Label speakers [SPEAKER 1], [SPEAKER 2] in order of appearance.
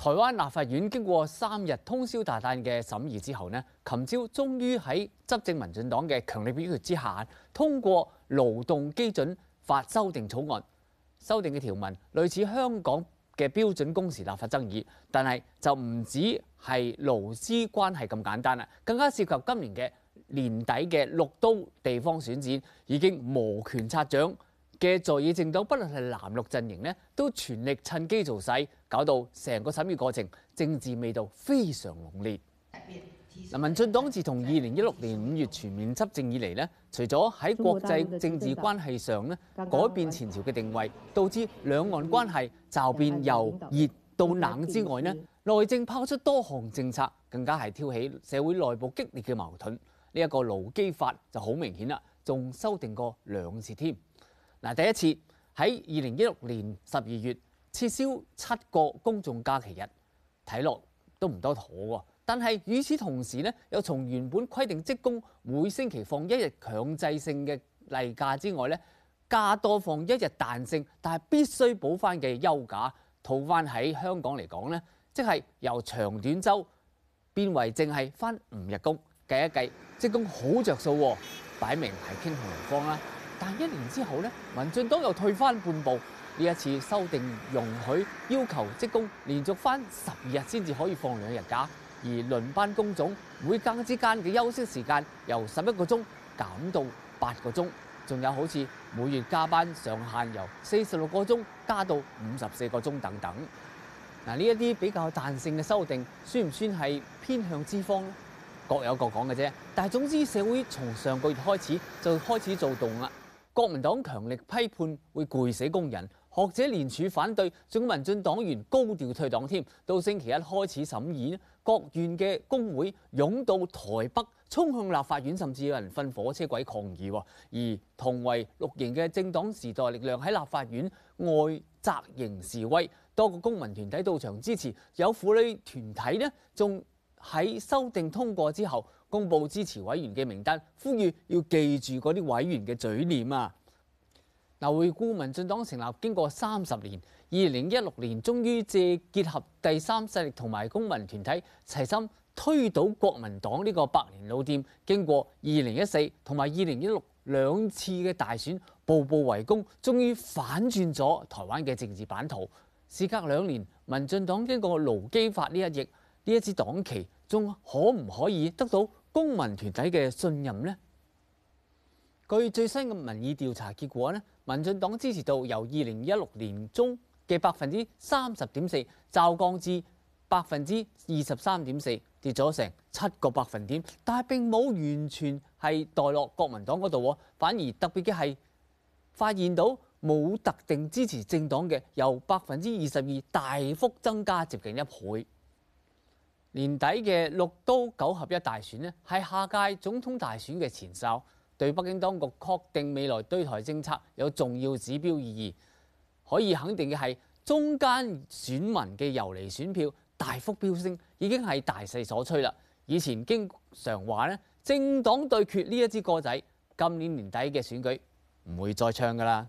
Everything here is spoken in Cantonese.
[SPEAKER 1] 台灣立法院經過三日通宵達旦嘅審議之後呢，琴朝終於喺執政民進黨嘅強力表決之下通過勞動基準法修訂草案。修訂嘅條文類似香港嘅標準工時立法爭議，但係就唔止係勞資關係咁簡單啦，更加涉及今年嘅年底嘅六都地方選戰已經摩拳擦掌嘅在野政黨不論係藍綠陣營呢，都全力趁機造勢，搞到成個審議過程政治味道非常濃烈。民進黨自從二零一六年五月全面執政以嚟呢，除咗喺國際政治關係上咧，改變前朝嘅定位，導致兩岸關係驟變由熱到冷之外呢，內政拋出多項政策，更加係挑起社會內部激烈嘅矛盾。呢、這、一個勞基法就好明顯啦，仲修訂過兩次添。嗱，第一次喺二零一六年十二月撤銷七個公眾假期日，睇落都唔多妥喎。但係與此同時呢又從原本規定職工每星期放一日強制性嘅例假之外呢加多放一日彈性，但係必須補翻嘅休假，套翻喺香港嚟講呢即係由長短週變為淨係翻五日工。計一計，職工好着數喎、啊，擺明係傾向勞方啦、啊。但一年之後咧，民進黨又退返半步。呢一次修訂容許要求職工連續返十二日先至可以放兩日假，而輪班工種每更之間嘅休息時間由十一個鐘減到八個鐘，仲有好似每月加班上限由四十六個鐘加到五十四個鐘等等。嗱，呢一啲比較彈性嘅修訂，算唔算係偏向資方？各有各講嘅啫。但係總之，社會從上個月開始就開始躁動啦。國民黨強力批判會攰死工人，學者聯署反對，仲民進黨員高調退黨添。到星期一開始審議，各院嘅工會湧到台北，衝向立法院，甚至有人瞓火車軌抗議。而同為綠營嘅政黨時代力量喺立法院外紮營示威，多個公民團體到場支持。有婦女團體呢，仲喺修訂通過之後，公布支持委員嘅名單，呼籲要記住嗰啲委員嘅嘴臉啊！嗱，回顧民進黨成立經過三十年，二零一六年終於借結合第三勢力同埋公民團體齊心推倒國民黨呢個百年老店，經過二零一四同埋二零一六兩次嘅大選步步圍攻，終於反轉咗台灣嘅政治版圖。事隔兩年，民進黨經過勞基法呢一役，呢一支黨旗仲可唔可以得到公民團體嘅信任呢，據最新嘅民意調查結果呢，民進黨支持度由二零一六年中嘅百分之三十點四，驟降至百分之二十三點四，跌咗成七個百分點。但係並冇完全係帶落國民黨嗰度，反而特別嘅係發現到冇特定支持政黨嘅，由百分之二十二大幅增加，接近一倍。年底嘅六都九合一大選呢，係下屆總統大選嘅前哨，對北京當局確定未來對台政策有重要指標意義。可以肯定嘅係，中間選民嘅遊離選票大幅飆升，已經係大勢所趨啦。以前經常話呢「政黨對決」呢一支歌仔，今年年底嘅選舉唔會再唱噶啦。